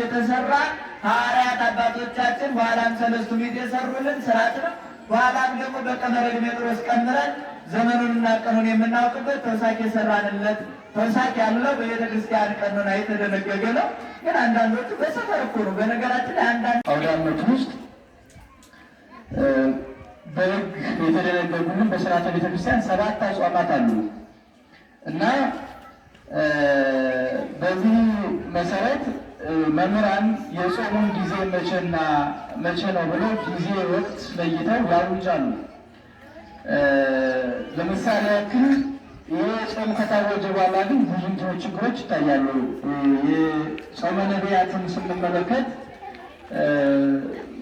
የተሰራ ሐዋርያት አባቶቻችን በኋላም ሰለስቱ ምዕት የሰሩልን ስርዓት ነው። በኋላም ደግሞ በቀመረ ዲሜጥሮስ ቀምረን ዘመኑንና ቀኑን የምናውቅበት ተውሳክ የሰራንለት ተውሳክ ያለው በቤተ ክርስቲያን ቀኖና የተደነገገ ነው። ግን አንዳንዶቹ በሰፈር እኮ ነው። በነገራችን ላይ አንዳንድ አውደ ውስጥ በሕግ የተደነገጉልን በስርዓተ ቤተ ሰባት አጽዋማት አሉ እና በዚህ መሰረት መምህራን የጾሙን ጊዜ መቼና መቼ ነው ብለው ጊዜ ወቅት ለይተው ያውጫሉ። ለምሳሌ ያክል ይህ ጾም ከታወጀ በኋላ ግን ብዙ እንትኖች ችግሮች ይታያሉ። የጾመ ነቢያትን ስንመለከት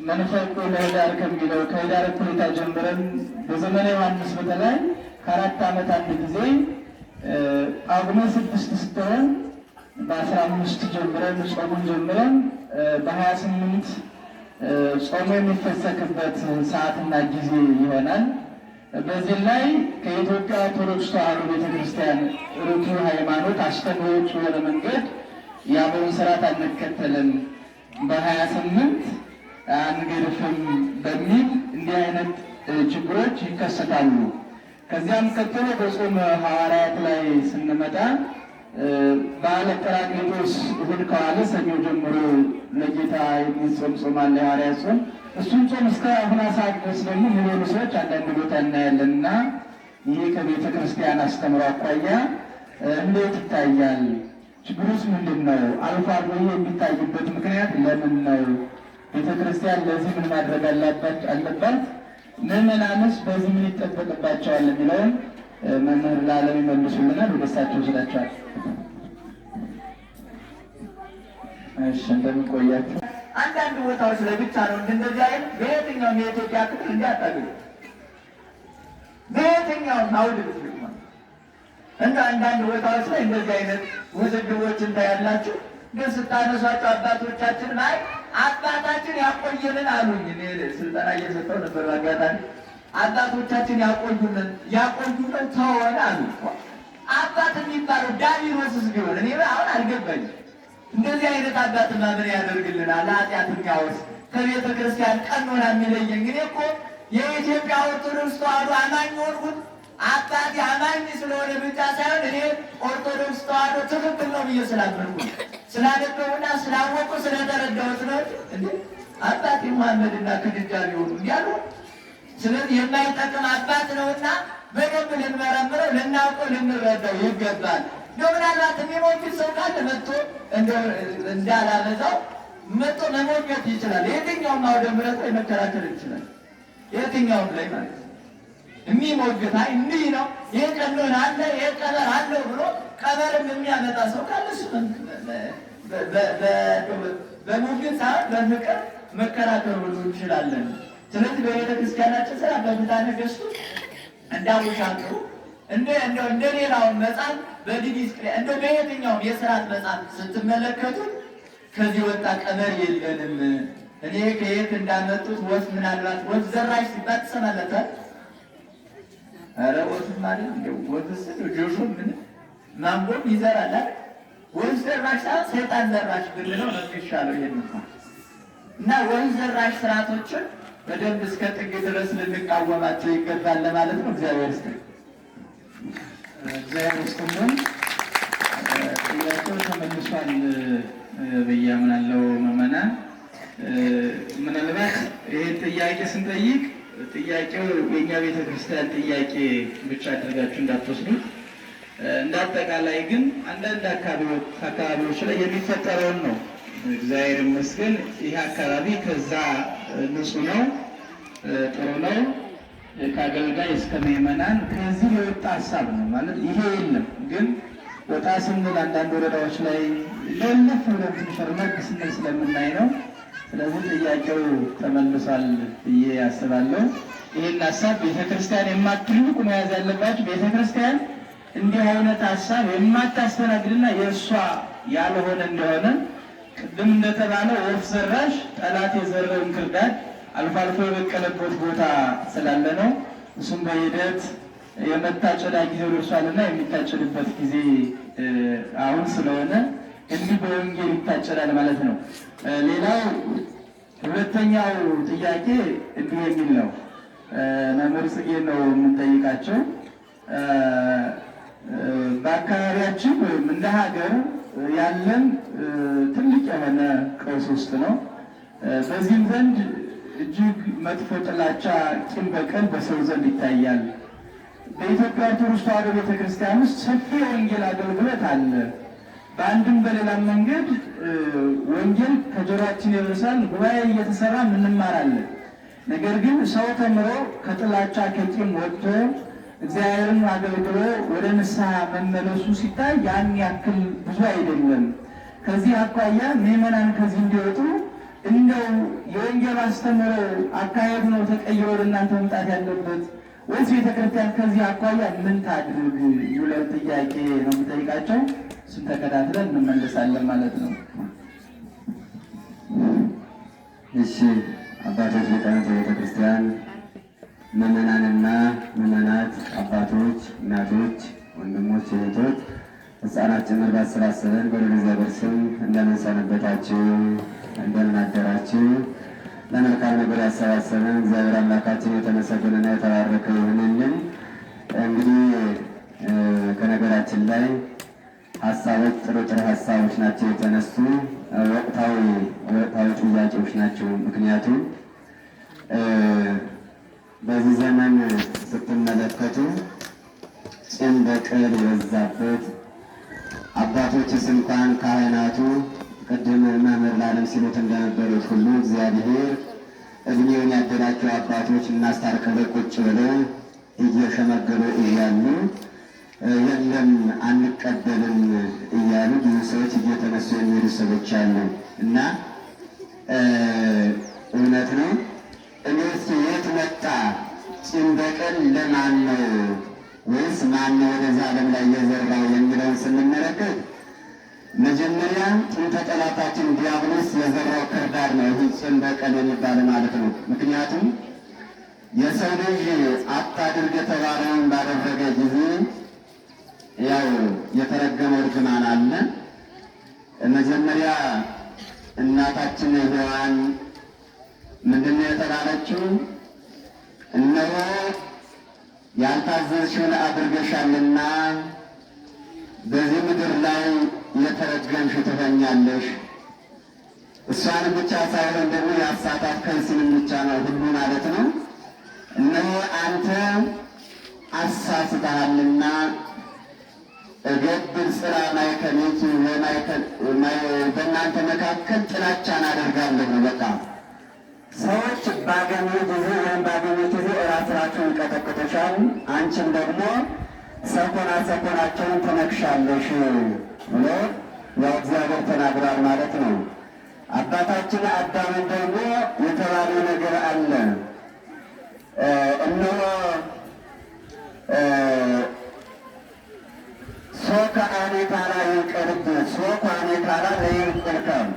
መንፈቁ ለህዳር ከሚለው ከህዳር እኩሌታ ጀምረን በዘመነ ዮሐንስ በተለይ ከአራት ዓመት አንድ ጊዜ ጳጉሜ ስድስት ስትሆን በአስራ አምስት ጀምረን ጾሙን ጀምረን በሀያ ስምንት ጾሙ የሚፈሰክበት ሰዓትና ጊዜ ይሆናል። በዚህ ላይ ከኢትዮጵያ ኦርቶዶክስ ተዋሕዶ ቤተክርስቲያን ርቱ ሃይማኖት አስተምሮ ውጭ የሆነ መንገድ የአበውን ስርዓት አንከተልም፣ በሀያ ስምንት አንገርፍም በሚል እንዲህ አይነት ችግሮች ይከሰታሉ። ከዚያም ቀጥሎ በጾም ሐዋርያት ላይ ስንመጣ በዓለ ጰራቅሊጦስ እሑድ ከዋለ ሰኞ ጀምሮ ለጌታ የሚጾም ጾም አለ፣ የሐዋርያት ጾም። እሱን ጾም እስከ አሁን ሰዓት ድረስ ደግሞ የሚኖሩ ሰዎች አንዳንድ ቦታ እናያለን እና ይሄ ከቤተ ክርስቲያን አስተምሮ አኳያ እንዴት ይታያል? ችግሩስ ምንድን ነው? አልፎ አልፎ የሚታይበት ምክንያት ለምን ነው? ቤተ ክርስቲያን ለዚህ ምን ማድረግ አለባት? ምዕመናንስ በዚህ ምን ይጠበቅባቸዋል? የሚለውን መምህር ለዓለም ይመልሱልናል። ወደሳቸው ይችላቸዋል። እሺ እንደምንቆያቸው አንዳንድ ቦታዎች ላይ ብቻ ነው እንደዚህ አይነት በየትኛውም የኢትዮጵያ ክፍል እንዲያታገኙ በየትኛውም አውድ እና አንዳንድ ቦታዎች ላይ እንደዚህ አይነት ውዝግቦች እንታያላችሁ። ግን ስታነሷቸው አባቶቻችን ላይ አባታችን ያቆየልን አሉኝ። ስልጠና እየሰጠው ነበር አጋጣሚ አባቶቻችን ያቆዩልን ያቆዩልን ተወን አሉ። አባት የሚባለው ዳቢሮስስ ግብር እኔ አሁን አልገባኝ። እንደዚህ አይነት አባት ምን ያደርግልና ለኃጢአት የሚያወስ ከቤተ ክርስቲያን ቀኖና የሚለየ እንግዲህ እኮ የኢትዮጵያ ኦርቶዶክስ ተዋሕዶ አማኝ ሆንኩት አባት አማኝ ስለሆነ ብቻ ሳይሆን እኔ ኦርቶዶክስ ተዋሕዶ ትክክል ነው ብዬ ስላመንኩ ስላነበቡና ስላወቁ ስለተረዳሁት ነው። እንዴ አባቴ መሐመድና ክድጃ ቢሆኑ እንዲያሉ ስለዚህ የማይጠቅም አባት ነውና በደንብ ልንመረምረው ልናውቀው ልንረዳው ይገባል። እንደው ምናልባት የሚሞግት ሰው ካለ መጥቶ እንዳላበዛው መጥቶ መሞገት ይችላል። የትኛውም አውደ ምሕረት ላይ መከራከር ይችላል። የትኛውም ላይ ማለት የሚሞግት አይ እንዲህ ነው ይህ ቀኖን አለ ይህ ቀበር አለው ብሎ ቀበርም የሚያመጣ ሰው ካለ እሱ ሳይሆን በፍቅር መከራከር ሁሉ እንችላለን። ስለዚህ በቤተ ክርስቲያናችን ስራ በፍታ ነገስቱ እንዳውሻሉ እንደ እንደ መጻፍ በዲቪስ ክሬ እንደ በየትኛውም የስርዓት መጻፍ ስትመለከቱ ከዚህ ወጣ ቀመር የለንም። እኔ ከየት እንዳመጡት ወፍ ምናልባት ወስ ዘራሽ ሲባል ትሰማላችኋል። ኧረ ወፍ ማለት እንደው ወስ ስል ጆሾ ምን ማንጎም ይዘራል አይደል? ዘራሽ ዘራሽ ሰይጣን ዘራሽ ብንለው ነው የሚሻለው። ይሄን እና ወፍ ዘራሽ ስርዓቶችን በደንብ እስከ ጥግ ድረስ ልንቃወማቸው ይገባል ለማለት ነው። እግዚአብሔር ስ እግዚአብሔር ውስጥምን ጥያቄው ተመልሷል ብዬ አምናለሁ። ምዕመናን ምናልባት ይህ ጥያቄ ስንጠይቅ ጥያቄው የእኛ ቤተክርስቲያን ጥያቄ ብቻ አድርጋችሁ እንዳትወስዱት። እንደ ግን አንዳንድ አካባቢዎች ላይ የሚፈጠረውን ነው። እግዚአብሔር ይመስገን ይህ አካባቢ ከዛ ንጹ ነው፣ ጥሩ ነው። ከአገልጋይ እስከ ምዕመናን ከዚህ የወጣ ሀሳብ ነው ማለት ይሄ የለም። ግን ወጣ ስንል አንዳንድ ወረዳዎች ላይ ለለፍ ብለን ትንሸርመግ ስንል ስለምናይ ነው። ስለዚህ ጥያቄው ተመልሷል ብዬ አስባለሁ። ይህን ሀሳብ ቤተክርስቲያን የማትልቁ መያዝ ያለባቸው ቤተክርስቲያን እንዲህ አይነት ሀሳብ የማታስተናግድና የእሷ ያልሆነ እንደሆነ ቅድም እንደተባለው ወፍ ዘራሽ ጠላት የዘረው እንክርዳድ አልፎ አልፎ የበቀለበት ቦታ ስላለ ነው። እሱም በሂደት የመታጨዳ ጊዜ ደርሷልና የሚታጨድበት ጊዜ አሁን ስለሆነ እንዲህ በወንጌል ይታጨዳል ማለት ነው። ሌላው ሁለተኛው ጥያቄ እንዲህ የሚል ነው። መምህር ጽጌ ነው የምንጠይቃቸው በአካባቢያችን ወይም እንደ ሀገር ያለን ትልቅ የሆነ ቀውስ ውስጥ ነው። በዚህም ዘንድ እጅግ መጥፎ ጥላቻ፣ ቂም በቀል በሰው ዘንድ ይታያል። በኢትዮጵያ ኦርቶዶክስ ተዋህዶ ቤተክርስቲያን ውስጥ ሰፊ የወንጌል አገልግሎት አለ። በአንድም በሌላም መንገድ ወንጌል ከጆሮአችን ይደርሳል። ጉባኤ እየተሰራ እንማራለን። ነገር ግን ሰው ተምሮ ከጥላቻ ከቂም ወጥቶ እግዚአብሔርን አገልግሎ ወደ ንስሐ መመለሱ ሲታይ ያን ያክል ብዙ አይደለም። ከዚህ አኳያ ምዕመናን ከዚህ እንዲወጡ እንደው የወንጌል አስተምሮ አካሄድ ነው ተቀይሮ ወደ መምጣት ያለበት ወይስ ቤተክርስቲያን ከዚህ አኳያ ምን ታድርግ ብለን ጥያቄ ነው የምጠይቃቸው። እሱን ተከታትለን እንመለሳለን ማለት ነው። እሺ አባቶች ሊቃውንተ ቤተክርስቲያን ምዕመናንና ምዕመናት፣ አባቶች፣ እናቶች፣ ወንድሞች፣ እህቶች፣ ሕፃናት ጭምር ባሰባሰበን በልዑል እግዚአብሔር ስም እንደምን ሰነበታችሁ? እንደምን ለመልካም ነገር ያሰባሰበን እግዚአብሔር አምላካችን የተመሰገነና የተባረከ ይሁንልን። እንግዲህ ከነገራችን ላይ ሀሳቦች ጥሩ ጥሩ ሀሳቦች ናቸው የተነሱ ወቅታዊ ወቅታዊ ጥያቄዎች ናቸው። ምክንያቱም በዚህ ዘመን ስትመለከቱ ጭን በቅል የበዛበት አባቶችስ እንኳን ካህናቱ ቅድም መምህር ላለም ሲሉት እንደነበሩት ሁሉ እግዚአብሔር እድሜውን ያደላቸው አባቶች እናስታርቀበ ቁጭ ብለው እየሸመገሉ እያሉ የለም አንቀበልም እያሉ ብዙ ሰዎች እየተነሱ የሚሄዱ ሰዎች አሉ እና እውነት ነው። ከእርሳችን በቀር ለማን ወይስ ማን ወደዚህ ዓለም ላይ የዘራው የሚለውን ስንመለከት መጀመሪያ ጥንተ ጠላታችን ዲያብሎስ የዘራው ክርዳድ ነው፣ ይህ ጾም በቀል የሚባል ማለት ነው። ምክንያቱም የሰው ልጅ አታድርግ የተባለውን ባደረገ ጊዜ ያው የተረገመው እርግማን አለ። መጀመሪያ እናታችን ሔዋን ምንድነው የተባለችው? እነሆ ያልታዘዝሽውን አድርገሻልና በዚህ ምድር ላይ የተረገምሽ ትሆኛለሽ። እሷን ብቻ ሳይሆን ደግሞ የአሳታት ከንሲንም ብቻ ነው ሁሉ ማለት ነው። እነሆ አንተ አሳስተሃልና እገብር ጽራ ማይከኔኪ በእናንተ መካከል ጥላቻን አደርጋለሁ በቃ ሰዎች ባገኙ ጊዜ ወይም ባገኙ ጊዜ ራሳቸውን ይቀጠቅጡሻል። አንቺም ደግሞ ሰኮና ሰኮናቸውን ትነክሻለሽ ብሎ ለእግዚአብሔር ተናግሯል ማለት ነው። አባታችን አዳምን ደግሞ የተባለ ነገር አለ። እነሆ ሶከ አኔካላ ይቅርብ ሶከ አኔካላ ለይቅርከም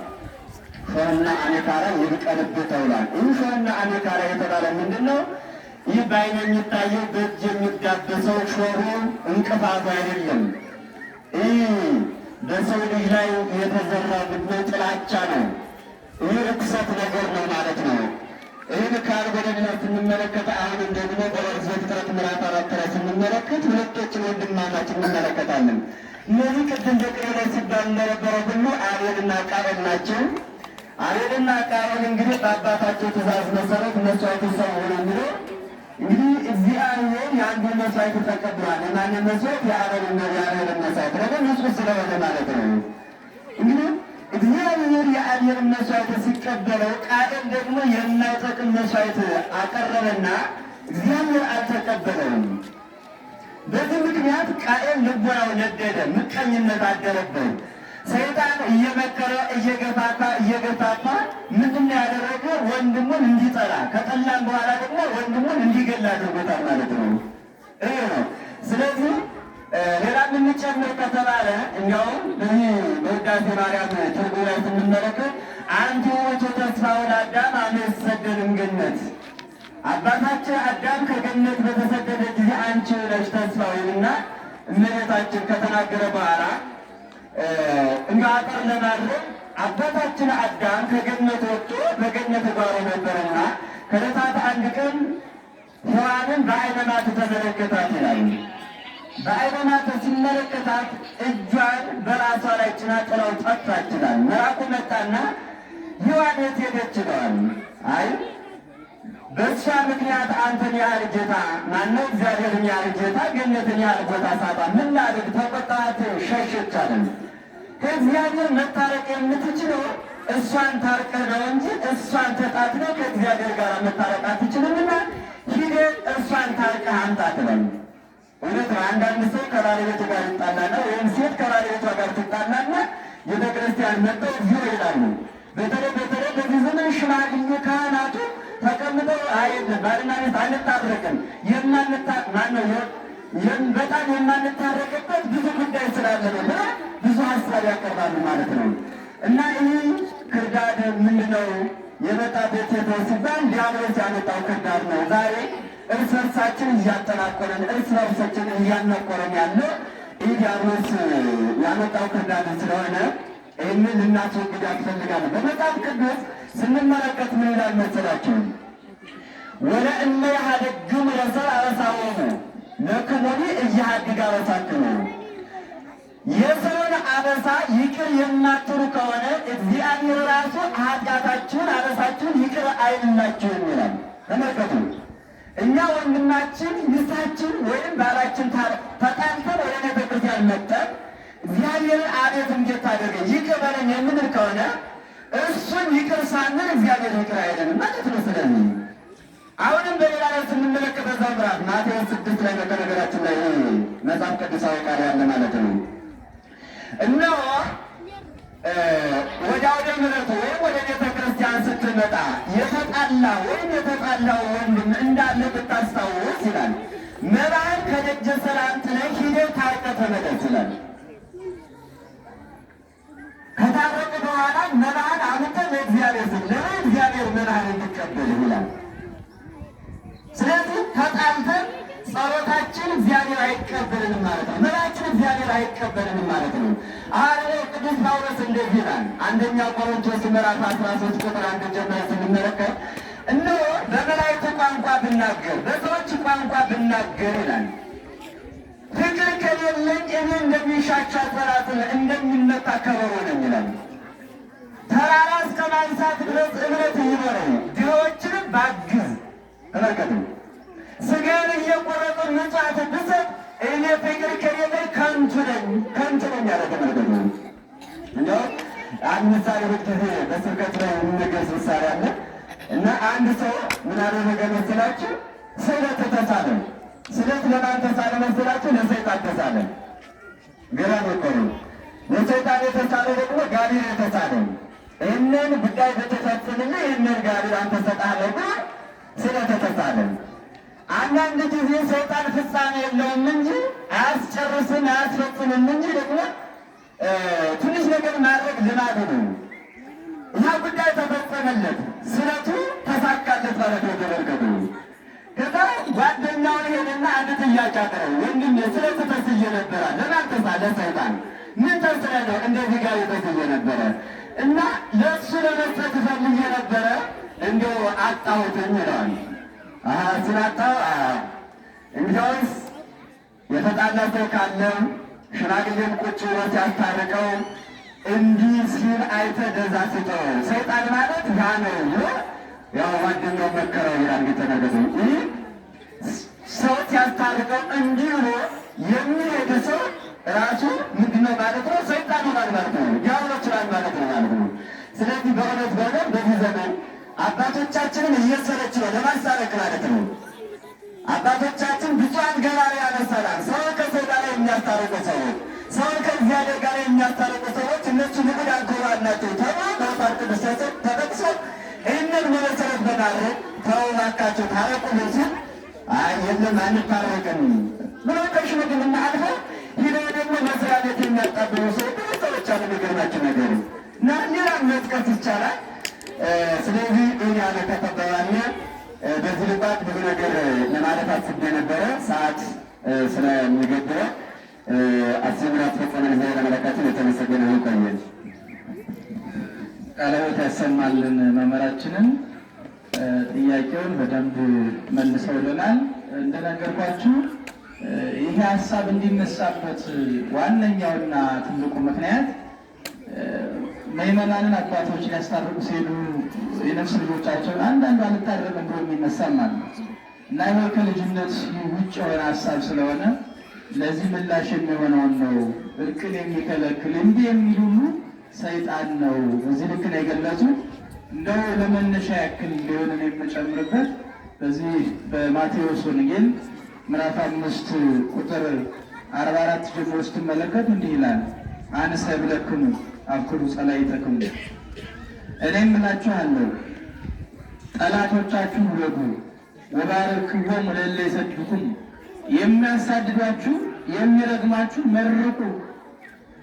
እሾህና አሜከላ ይብቀልብህ ተብሏል። ይህ እሾህና የተባለ ምንድን ነው? ይህ በዓይን የሚታየው በእጅ የሚዳበሰው ሾሩ እንቅፋቱ አይደለም። ይህ በሰው ልጅ ላይ የተዘራ ምድነው? ጥላቻ ነው። ይህ ርኩሰት ነገር ነው ማለት ነው። ይህን ካል በደለ ስንመለከት አሁንም ደግሞ በዘፍጥረት ምዕራፍ አራት ላይ ስንመለከት ሁለቶችን ወንድማማች እንመለከታለን። እነዚህ ቅድም በቅሬ ላይ ሲባል እንደነበረ ሁሉ አቤልና ቃቤል ናቸው። አቤልና ቃየል እንግዲህ በአባታቸው ትእዛዝ መሰረት መስዋዕት ይሰዋሉ የሚለው እንግዲህ እግዚአብሔር የአንዱን መስዋዕት ተቀብሏል። የማንን መስዋዕት? የአቤልና የአቤልን መስዋዕት ነገር ንጹሕ ስለሆነ ማለት ነው። እንግዲህ እግዚአብሔር የአቤልን መስዋዕት ሲቀበለው፣ ቃየል ደግሞ የማይጠቅም መስዋዕት አቀረበና እግዚአብሔር አልተቀበለውም። በዚህ ምክንያት ቃየል ልቦናው ነደደ፣ ምቀኝነት አደረበት። ሰይጣን እየመከረ እየገፋፋ እየገፋፋ ምንድን ያደረገ ወንድሙን እንዲጠላ ከጠላም በኋላ ደግሞ ወንድሙን እንዲገላ አድርጎታል ማለት ነው። ይህ ነው። ስለዚህ ሌላ የምንጨምር ከተባለ እንዲያውም በዚህ በውዳሴ ማርያም ትርጉም ላይ ስንመለከት አንቱ ውእቱ ተስፋሁ ለአዳም አመ ይሰደድ እምገነት አባታችን አዳም ከገነት በተሰደደ ጊዜ አንቺ ነሽ ተስፋ ወይምና እመቤታችን ከተናገረ በኋላ እንደ ለማድረግ አባታችን አዳም ከገነት ወጥቶ በገነት ጓሮ ነበርና ከዕለታት አንድ ቀን ሔዋንን በዓይነ ማት ተመለከታት ይላል። በዓይነ ማት ሲመለከታት እጇን በራሷ ላይ ጭና ጥለው ጠፋች ይላል። መጣና ሔዋን የት ሄደች ይለዋል። አይ በእሷ ምክንያት አንተን ያህል ጌታ ማነው እግዚአብሔርን ያህል ጌታ ገነትን ያህል ቦታ ሳጣ ምን ላድርግ? ተቆጣት ሸሸች አለ ከእግዚአብሔር መታረቅ የምትችለው እሷን ታርቀ ነው እንጂ እሷን ተጣጥነ ከእግዚአብሔር ጋር መታረቅ አትችልምና ሂደን እሷን ታርቀ አምጣት ነው። እውነት ነው። አንዳንድ ሰው ከባለቤቱ ጋር ይጣላና ወይም ሴት ከባለቤቷ ጋር ትጣላና ቤተ ክርስቲያን መጥተው እዚሁ ይላሉ። በተለይ በተለይ በዚህ ዘመን ሽማግሌ ካህናቱ ተቀምጠው አይደለም ባልና ሚስት አንታረቅም የማንታ ማነው በጣም የማንታረቅበት ብዙ ጉዳይ ስላለ ነው። ብዙ ሀሳብ ያቀርባሉ ማለት ነው። እና ይህ ክርዳድ ምንድነው የመጣበት ሲባል ዲያብሎስ ያመጣው ክርዳድ ነው። ዛሬ እርስ በርሳችን እያጠናቆረን፣ እርስ በርሳችን እያነቆረን ያለ ይህ ዲያብሎስ ያመጣው ክርዳድ ስለሆነ ይህንን ልናስወግድ ያስፈልጋል። በመጽሐፍ ቅዱስ ስንመለከት ምን ይላል መሰላችሁ? ወለእለ ያሀደግሙ ለሰብእ አበሳሆሙ ለክሞኒ እያሃድግ አበሳክሙ የሰውን አበሳ ይቅር የማትሉ ከሆነ እግዚአብሔር ራሱ ኃጢአታችሁን አበሳችሁን ይቅር አይልላችሁም ይላል። ተመልከቱ። እኛ ወንድማችን ሚስታችን ወይም ባላችን ተጣልተን ወደ ቤተ ክርስቲያን መጠን እግዚአብሔርን አቤት እንዴት ታደርገ ይቅር በለን የምንል ከሆነ እሱን ይቅር ሳንል እግዚአብሔር ይቅር አይለንም ማለት ነው። ስለዚህ አሁንም በሌላ ላይ ስንመለከተ ዘምራት ማቴ ላይ በነገራችን ላይ መጽሐፍ ቅዱሳዊ ቃል ያለ ማለት ነው። አይቀበልንም ማለት ነው። ምላችን እግዚአብሔር አይቀበልንም ማለት ነው። ሐዋርያው ቅዱስ ጳውሎስ እንደዚህ ይላል። አንደኛ ቆሮንቶስ ምዕራፍ አስራ ሶስት ቁጥር አንድ ጀምረ ስንመለከት እነሆ በመላእክት ቋንቋ ብናገር በሰዎች ቋንቋ ብናገር ይላል ፍቅር ከሌለኝ እኔ እንደሚሻቻ ተራትን እንደሚመታ ከበሮ ነኝ ይላል። ተራራ እስከ ማንሳት ድረስ እምነት ይኖረኝ፣ ድሆችንም ባግዝ ተመልከቱ ሥጋን እየቆረጡ ምጽዋት ፍቅር ከሌለ ከንቱ ከንቱ ነው የሚያደርገን ነገር ነው። እንደው አንድ ምሳሌ ሁልጊዜ በስብከት ላይ የሚነገር ምሳሌ አለ እና አንድ ሰው ምን አለ መስላችሁ ስለት ተሳለ። ስለት ለማን ተሳለ መስላችሁ? ለሰይጣን ተሳለ። ግራ መቆሩ ለሰይጣን የተሳለ ደግሞ ጋብር የተሳለ ይህንን ጉዳይ በተፈጽምና ይህንን ጋብር አንተ ሰጣለህ ብሎ ስለት ተሳለ። አንዳንድ ጊዜ ሰይጣን ፍጻሜ የለውም እንጂ አያስጨርስም፣ አያስፈጽምም እንጂ ደግሞ ትንሽ ነገር ማድረግ ልማድ ነው። ይህ ጉዳይ ተፈጸመለት፣ ስለቱ ተሳካለት ማለት ነው። ተመልከቱ። ከዛ ጓደኛውን ሄደና አንድ ጥያቄ አቀረበ። ወንድም ስለት ተስዬ ነበረ። ለማን ተሳ? ለሰይጣን። ምን ተስለ ነው? እንደዚህ ጋር ተስዬ ነበረ እና ለእሱ ለመስጠት ፈልጌ ነበረ እንዲሁ አጣሁትም ይለዋል። ስላጣው እንዲያውስ የተጣላ ካለ ሽማግሌም ቁጭ ብሎ ሲያስታርቀው እንዲህ ሲል አይተ ደዛ ሰይጣን ማለት ያ ነው። ያው ጓደኛው መከረው ይላል ጌታ ይህ ሰው ሲያስታርቀው እንዲህ ብሎ የሚሄድ ሰው ራሱ ምንድን ነው ማለት ነው? ሰይጣን ይሆናል ማለት ነው። ያው ይችላል ማለት ነው ማለት ነው። ስለዚህ በእውነት በእውነት በዚህ ዘመን አባቶቻችንን እየሰለች ነው ለማስታረቅ ማለት ነው። አባቶቻችን ብፁዓን ገባሬ ያነሰናል። ሰውን ከሰው ጋር የሚያስታርቁ ሰዎች፣ ሰውን ከእግዚአብሔር ጋር የሚያስታርቁ ሰዎች እነሱ ንዑድ አንኮባድ ናቸው ተብሎ በመጽሐፍ ቅዱስ ተጠቅሶ ይህንን መሰረት በማድረግ ተው እባካችሁ ታረቁ ብንስል የለም አንታረቅም ብሎ ከሽምግልና አልፎ ሂደው ደግሞ መስሪያ ቤት የሚያጣብሉ ሰው ሰዎች አሉ። የሚገርማችሁ ነገር እና ሌላ መጥቀስ ይቻላል። ስለዚህ እኔ ያለ በዚህ ልባት ብዙ ነገር ለማለት አስቤ ነበረ። ሰዓት ስለሚገድበ አስምራት ፈጸመ ጊዜ ለመለካችን የተመሰገነ ይቆየል። ቃለቤት ያሰማልን መመራችንን ጥያቄውን በደንብ መልሰውልናል። እንደነገርኳችሁ ይህ ሀሳብ እንዲነሳበት ዋነኛውና ትልቁ ምክንያት ምዕመናንን አባቶች ሊያስታርቁ ሲሄዱ የነፍስ ልጆቻቸውን አንዳንዱ አልታረቅም እንደ የሚነሳም ማለት እና ይሄ ከልጅነት ውጭ የሆነ ሀሳብ ስለሆነ ለዚህ ምላሽ የሚሆነውን ነው እርቅን የሚከለክል እንዲህ የሚል ሁሉ ሰይጣን ነው። እዚህ ልክ ነው የገለጹ። እንደው ለመነሻ ያክል እንዲሆን የምጨምርበት በዚህ በማቴዎስ ወንጌል ምዕራፍ አምስት ቁጥር አርባ አራት ጀምሮ ስትመለከት እንዲህ ይላል አንሰ ብለክሙ አብክሩ ጸላይተክሙ እኔም እላችኋለሁ ጠላቶቻችሁ ውደዱ፣ ወባርክዎም ለእለ ይሰድቡኩም፣ የሚያሳድዷችሁ የሚረግማችሁ መርቁ፣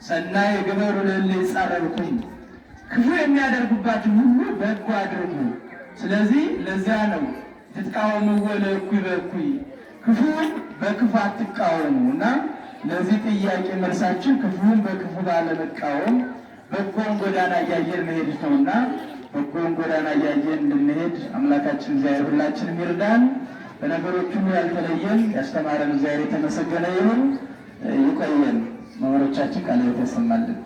ሰናይ ግበሩ ለእለ ይጻረርኩም፣ ክፉ የሚያደርጉባችሁ ሁሉ በጎ አድርጉ። ስለዚህ ለዚያ ነው ትቃወሙ ለእኩይ በእኩይ ክፉውን በክፉ አትቃወሙ እና ለዚህ ጥያቄ መልሳችን ክፉውን በክፉ ባለመቃወም በጎን ጎዳና እያየን መሄድ ነውና በጎን ጎዳና እያየን እንድንሄድ አምላካችን እግዚአብሔር ሁላችንም ይርዳን። በነገሮቹም ያልተለየን ያስተማረን እግዚአብሔር የተመሰገነ ይሁን። ይቆየን። መምህሮቻችን ቃል የተሰማልን